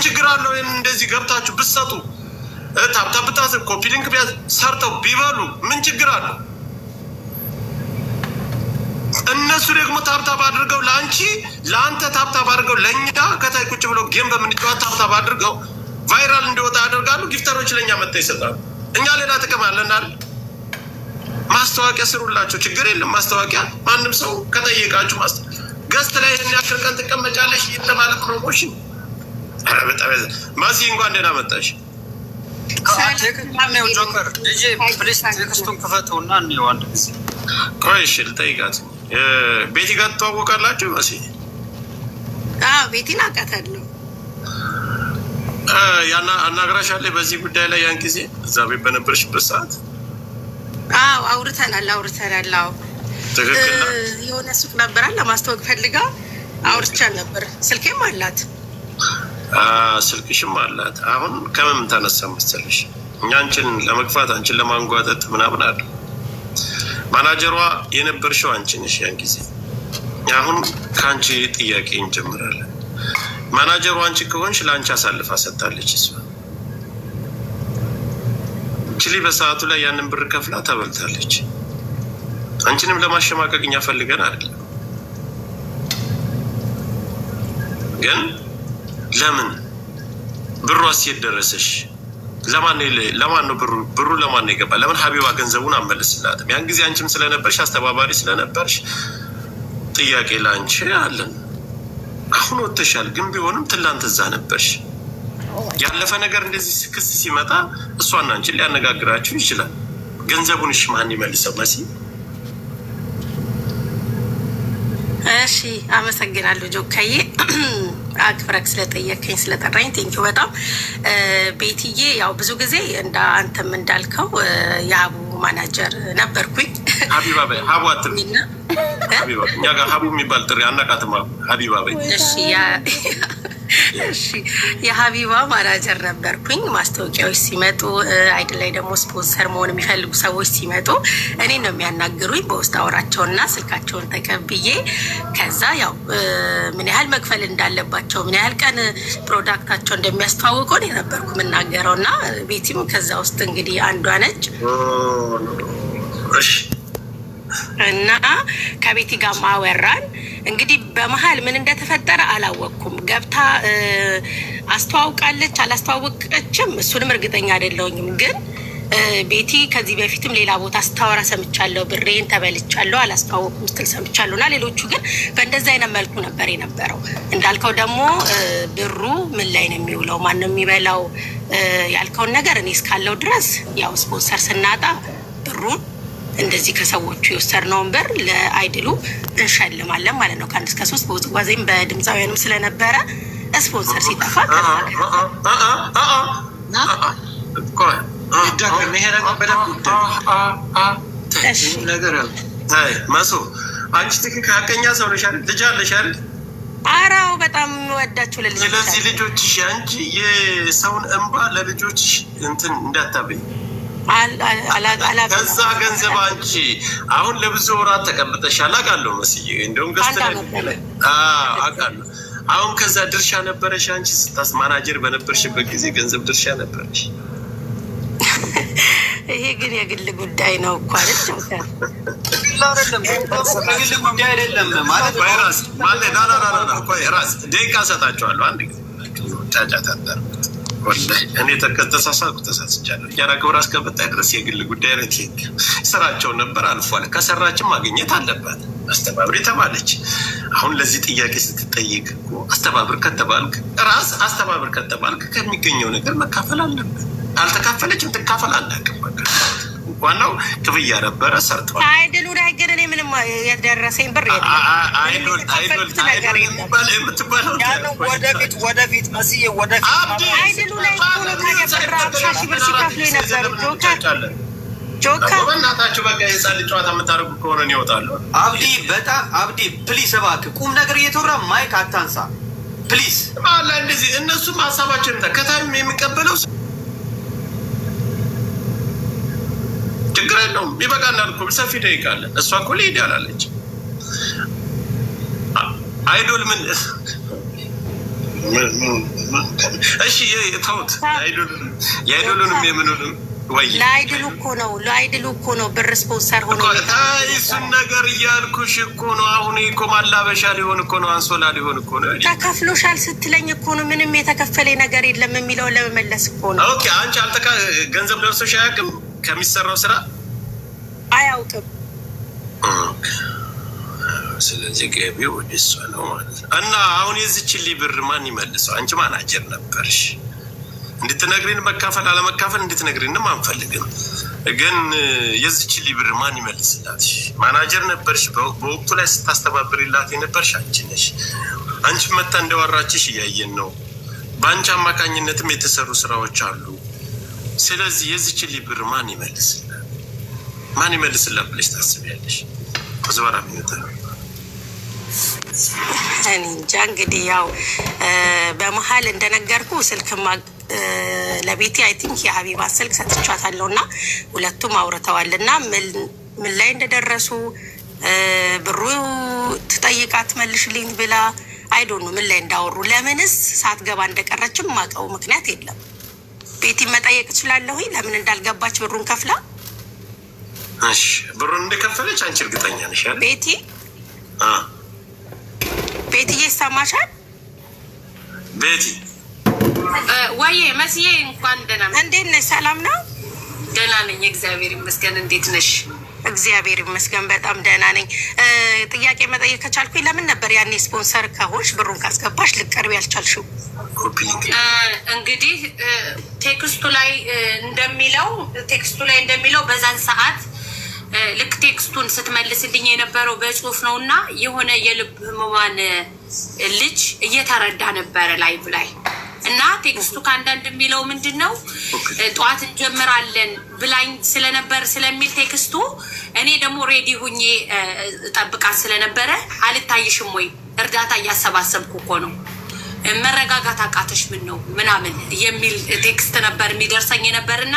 ምን ችግር አለው? ይህን እንደዚህ ገብታችሁ ብትሰጡ ታብታ ብታስብ ኮፒ ሊንክ ሰርተው ቢበሉ ምን ችግር አለው? እነሱ ደግሞ ታብታብ አድርገው ለአንቺ ለአንተ ታብታብ አድርገው ለእኛ ከታይ ቁጭ ብለው ጌም በምንጫወት ታብታብ አድርገው ቫይራል እንዲወጣ ያደርጋሉ። ጊፍተሮች ለእኛ መጥተው ይሰጣሉ። እኛ ሌላ ጥቅም አለን አይደል? ማስታወቂያ ስሩላቸው፣ ችግር የለም ማስታወቂያ። ማንም ሰው ከጠየቃችሁ ገስት ላይ ያክል ቀን ትቀመጫለሽ የተባለ ፕሮሞሽን ማሲ እንኳን ደህና መጣሽ። ጆከር ልጄ ፕሊስ ቴክስቱን ክፈተው እና እንየው አንድ ቆይ እሺ ልጠይቃት። ቤቲ ጋር ትተዋወቃላችሁ? ማሲ ቤቲን አውቃታለሁ። አናግራሻለሁ በዚህ ጉዳይ ላይ ያን ጊዜ እዛ ቤት በነበረሽበት ሰዓት? አዎ አውርተናል፣ አውርተናል። አዎ ትክክል። የሆነ ሱቅ ነበራል ለማስተዋወቅ ፈልጋ አውርቻ ነበር። ስልኬም አላት ስልክሽም አላት። አሁን ከምን ተነሳ መሰለሽ እኛ አንቺን ለመግፋት አንቺን ለማንጓጠጥ ምናምን አለ። ማናጀሯ የነበርሽው አንቺ ነሽ ያን ጊዜ። አሁን ከአንቺ ጥያቄ እንጀምራለን። ማናጀሯ አንቺ ከሆንሽ ለአንቺ አሳልፋ ሰጥታለች። እሷ ችሊ በሰዓቱ ላይ ያንን ብር ከፍላ ተበልታለች። አንቺንም ለማሸማቀቅ እኛ ፈልገን አይደለም ግን ለምን ብሩ የት ደረሰሽ? ለማን ነው ብሩ? ለማን ነው ይገባል? ለምን ሀቢባ ገንዘቡን አመለስላትም? ያን ጊዜ አንቺም ስለነበርሽ አስተባባሪ ስለነበርሽ ጥያቄ ላንቺ አለን። አሁን ወጥተሻል፣ ግን ቢሆንም ትላንት እዛ ነበርሽ። ያለፈ ነገር እንደዚህ ክስ ሲመጣ እሷና አንቺን ሊያነጋግራችሁ ይችላል። ገንዘቡን እሺ፣ ማን ይመልሰው? መሲ እሺ፣ አመሰግናለሁ ጆካዬ። አክብረክ ስለጠየከኝ ስለጠራኝ ቴንኪው በጣም ቤትዬ። ያው ብዙ ጊዜ እንደ አንተም እንዳልከው የአቡ ማናጀር ነበርኩኝ። ሀቢባ በይ ሀቡ አትበይና እኛ ጋር ሀቡ የሚባል ጥሪ አናቃትም። ሀቢባ በይ እሺ እሺ የሀቢባ ማናጀር ነበርኩኝ። ማስታወቂያዎች ሲመጡ አይድ ላይ ደግሞ ስፖንሰር መሆን የሚፈልጉ ሰዎች ሲመጡ እኔ ነው የሚያናግሩኝ። በውስጥ አወራቸውና ስልካቸውን ተቀብዬ ከዛ ያው ምን ያህል መክፈል እንዳለባቸው ምን ያህል ቀን ፕሮዳክታቸው እንደሚያስተዋውቁ እኔ ነበርኩ የምናገረው እና ቤቲም ከዛ ውስጥ እንግዲህ አንዷ ነች። እና ከቤቲ ጋር ማወራን እንግዲህ በመሀል ምን እንደተፈጠረ አላወቅኩም። ገብታ አስተዋውቃለች አላስተዋወቀችም፣ እሱንም እርግጠኛ አይደለሁኝም። ግን ቤቲ ከዚህ በፊትም ሌላ ቦታ ስታወራ ሰምቻለሁ። ብሬን ተበልቻለሁ አላስተዋወቅኩም ስትል ሰምቻለሁ። እና ሌሎቹ ግን በእንደዚህ አይነት መልኩ ነበር የነበረው። እንዳልከው ደግሞ ብሩ ምን ላይ ነው የሚውለው? ማን ነው የሚበላው? ያልከውን ነገር እኔ እስካለው ድረስ ያው ስፖንሰር ስናጣ ብሩን እንደዚህ ከሰዎቹ የወሰድነውን ብር ለአይድሉ እንሸልማለን ማለት ነው። ከአንድ እስከ ሶስት በውዝዋዜም በድምፃውያንም ስለነበረ ስፖንሰር ሲጠፋ መሶ አንቺ ትክክ ሀቀኛ ሰው ነሽ አይደል? ልጅ አለሽ አይደል? አራው በጣም ወዳችሁ ለልጅ ስለዚህ ልጆችሽ አንቺ የሰውን እንባ ለልጆች እንትን እንዳታበይ ከዛ ገንዘብ አንቺ አሁን ለብዙ ወራት ተቀምጠሻል አውቃለሁ። መስዬ እንደውም ገዝተ አሁን ከዛ ድርሻ ነበረሽ አንቺ ስታስ ማናጀር በነበርሽበት ጊዜ ገንዘብ ድርሻ ነበረሽ። ይሄ ግን የግል ጉዳይ ነው እኮ አለች። የግል ጉዳይ አይደለም ማለት ራስ ደቂቃ ሰጣቸዋለሁ አንድ ጊዜ ጫጫታ ወላሂ እኔ ከተሳሳትኩ ተሳስቻለሁ። እያና ግብር እስከመጣ ድረስ የግል ጉዳይ ነት ስራቸው ነበር አልፏል። ከሰራችን ማግኘት አለባት። አስተባብር የተባለች አሁን ለዚህ ጥያቄ ስትጠይቅ አስተባብር ከተባልክ ራስ አስተባብር ከተባልክ ከሚገኘው ነገር መካፈል አለብን። አልተካፈለችም፣ ትካፈል አላውቅም ዋናው ክፍያ ነበረ ሰርተዋል። አይድሉ ላይ ግን እኔ ምንም የደረሰኝ ብር ወደፊት ወደፊት መስዬ ወደፊት አይድሉ ላይ ብር አምሳ ሺህ ብር ሲከፍሉ የነበሩ በእናታችሁ በቃ የህፃን ልጅ ጨዋታ የምታደርጉ ከሆነ አብዲ በጣም አብዲ ፕሊስ እባክህ ቁም ነገር እየተወራ ማይክ አታንሳ እንደዚህ እነሱም ከታይም የሚቀበለው ችግር የለውም። ይበቃናል እኮ ሰፊ ደቂቃ አለ። እሷ እኮ ሊሄድ ያላለች አይዶል ምን እሺ ተውት። የአይዶሉንም የምንሉም ለአይድሉ እኮ ነው ለአይድሉ እኮ ነው ብር ስፖንሰር ሆኖ እሱን ነገር እያልኩሽ እኮ ነው። አሁን እኮ ማላበሻ ሊሆን እኮ ነው፣ አንሶላ ሊሆን እኮ ነው። ተከፍሎሻል ስትለኝ እኮ ነው። ምንም የተከፈለ ነገር የለም የሚለው ለመመለስ እኮ ነው። ኦኬ አንቺ አልተካ ገንዘብ ደርሶሽ አያውቅም። ከሚሰራው ስራ አያውቅም። ስለዚህ ገቢው ወደሷ ነው ማለት ነው። እና አሁን የዚችን ብር ማን ይመልሰው? አንቺ ማናጀር ነበርሽ። እንድትነግሪን መካፈል አለመካፈል እንድትነግሪንም አንፈልግም። ግን የዚች ብር ማን ይመልስላት? ማናጀር ነበርሽ። በወቅቱ ላይ ስታስተባብሪላት የነበርሽ አንቺ ነሽ። አንቺ መታ እንደወራችሽ እያየን ነው። በአንቺ አማካኝነትም የተሰሩ ስራዎች አሉ። ስለዚህ የዚች ሊብር ማን ይመልስላል? ማን ይመልስላል ብለሽ ታስቢያለሽ? ዝበራ ሚወታ እንጃ እንግዲህ ያው በመሀል እንደነገርኩ ስልክ ለቤቴ አይ ቲንክ የሀቢባ ስልክ ሰጥቻታለሁ እና ሁለቱም አውርተዋል እና ምን ላይ እንደደረሱ ብሩ ትጠይቃ ትመልሽልኝ ብላ አይዶኑ ምን ላይ እንዳወሩ ለምንስ ሳትገባ እንደቀረችም ማቀው ምክንያት የለም። ቤቲ መጠየቅ እችላለሁ ለምን እንዳልገባች ብሩን ከፍላ? እሺ ብሩን እንደከፈለች አንቺ እርግጠኛ ነሽ? ቤቲ ቤትዬ ይሰማሻል? ቤቲ ወይዬ መስዬ እንኳን ደህና ነሽ? እንዴት ነሽ? ሰላም ነው? ደህና ነኝ እግዚአብሔር ይመስገን። እንዴት ነሽ? እግዚአብሔር ይመስገን በጣም ደህና ነኝ። ጥያቄ መጠየቅ ከቻልኩኝ ለምን ነበር ያኔ ስፖንሰር ከሆንሽ ብሩን ካስገባሽ ልቀርብ ያልቻልሽው? እንግዲህ ቴክስቱ ላይ እንደሚለው ቴክስቱ ላይ እንደሚለው በዛን ሰዓት ልክ ቴክስቱን ስትመልስልኝ የነበረው በጽሁፍ ነው እና የሆነ የልብ ህመማን ልጅ እየተረዳ ነበረ ላይቭ ላይ እና ቴክስቱ ከአንዳንድ የሚለው ምንድን ነው ጠዋት እንጀምራለን ብላኝ ስለነበር ስለሚል ቴክስቱ እኔ ደግሞ ሬዲ ሁኜ ጠብቃት ስለነበረ አልታይሽም ወይ እርዳታ እያሰባሰብኩ እኮ ነው መረጋጋት አቃተሽ ምን ነው ምናምን የሚል ቴክስት ነበር የሚደርሰኝ ነበርና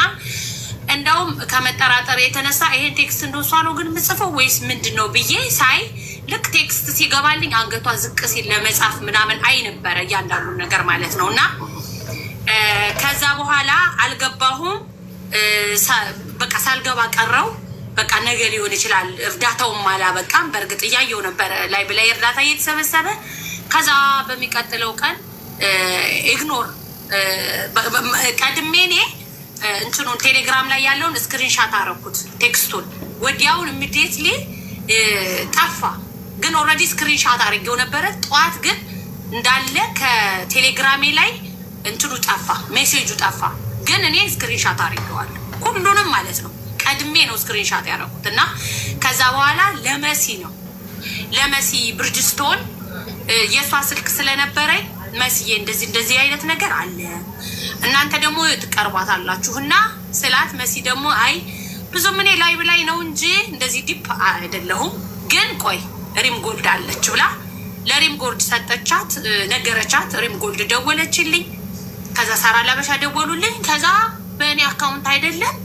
እንደውም ከመጠራጠር የተነሳ ይሄን ቴክስት እንደሷ ነው ግን ምጽፈው ወይስ ምንድን ነው ብዬ ሳይ ልክ ቴክስት ሲገባልኝ አንገቷ ዝቅ ሲል ለመጻፍ ምናምን አይ ነበረ እያንዳንዱን ነገር ማለት ነው። እና ከዛ በኋላ አልገባሁም፣ በቃ ሳልገባ ቀረው። በቃ ነገ ሊሆን ይችላል እርዳታውም አላበቃም። በእርግጥ እያየው ነበረ ላይ ብላይ እርዳታ እየተሰበሰበ ከዛ በሚቀጥለው ቀን ኢግኖር ቀድሜ እኔ እንትኑን ቴሌግራም ላይ ያለውን ስክሪንሻት አረኩት ቴክስቱን ወዲያውን ኢሚዲየትሊ ጠፋ። ግን ኦልሬዲ ስክሪንሻት አድርጌው ነበረ። ጠዋት ግን እንዳለ ከቴሌግራሜ ላይ እንትኑ ጠፋ፣ ሜሴጁ ጠፋ። ግን እኔ ስክሪንሻት አድርጌዋለሁ ሁሉንም ማለት ነው። ቀድሜ ነው ስክሪንሻት ያደረኩት እና ከዛ በኋላ ለመሲ ነው ለመሲ ብርጅስቶን የእሷ ስልክ ስለነበረኝ መስዬ እንደዚህ እንደዚህ አይነት ነገር አለ እናንተ ደግሞ ትቀርባት አላችሁ እና ስላት መሲ ደግሞ አይ ብዙ ምኔ ላይ ላይ ነው እንጂ እንደዚህ ዲፕ አይደለሁም፣ ግን ቆይ ሪም ጎልድ አለች ብላ ለሪም ጎልድ ሰጠቻት፣ ነገረቻት። ሪም ጎልድ ደወለችልኝ። ከዛ ሳራ ለበሻ ደወሉልኝ። ከዛ በእኔ አካውንት አይደለም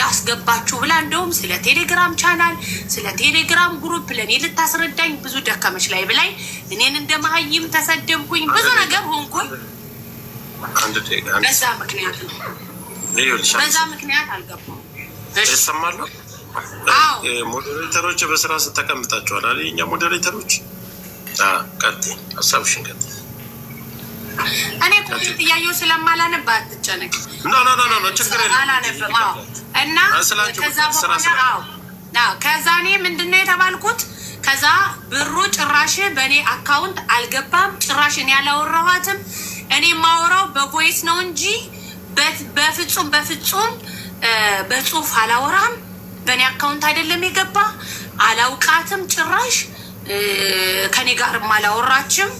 ያስገባችሁ ብላ እንደውም ስለ ቴሌግራም ቻናል ስለ ቴሌግራም ግሩፕ ለእኔ ልታስረዳኝ ብዙ ደከመች ላይ ብላይ እኔን እንደ መሀይም ተሰደብኩኝ፣ ብዙ ነገር ሆንኩኝ። በዛ ምክንያት ነው። በዛ ምክንያት አልገባሁም። ይሰማሉ። ሞዴሬተሮች በስራ ስተቀምጣቸዋል አ እኛ ሞዴሬተሮች። ቀጥ ሀሳብሽን ቀጥ እኔ ኮሜንት እያየሁ ስለማላነብ አትጨነቅ። ችግር የለም እና ከዛ በኋላ ከዛ እኔ ምንድን የተባልኩት ከዛ ብሩ ጭራሽ በእኔ አካውንት አልገባም። ጭራሽ እኔ አላወራኋትም። እኔ የማወራው በቮይስ ነው እንጂ በፍጹም በፍጹም በጽሁፍ አላወራም። በእኔ አካውንት አይደለም የገባ። አላውቃትም፣ ጭራሽ ከኔ ጋርም አላወራችም።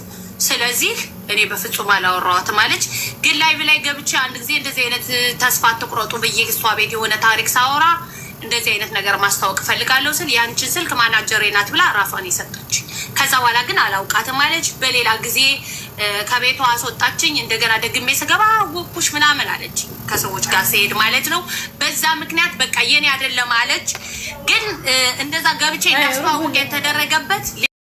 ስለዚህ እኔ በፍጹም አላወራኋትም አለች። ግን ላይ ብላይ ገብቼ አንድ ጊዜ እንደዚህ አይነት ተስፋ አትቁረጡ ብዬ እሷ ቤት የሆነ ታሪክ ሳወራ እንደዚህ አይነት ነገር ማስታወቅ እፈልጋለሁ ስል ያንችን ስልክ ማናጀሬ ናት ብላ ራሷን የሰጠች። ከዛ በኋላ ግን አላውቃትም አለች። በሌላ ጊዜ ከቤቷ አስወጣችኝ። እንደገና ደግሜ ስገባ ወኩሽ ምናምን አለች። ከሰዎች ጋር ስሄድ ማለት ነው። በዛ ምክንያት በቃ የኔ አይደለም አለች። ግን እንደዛ ገብቼ እንዳስተዋውቅ የተደረገበት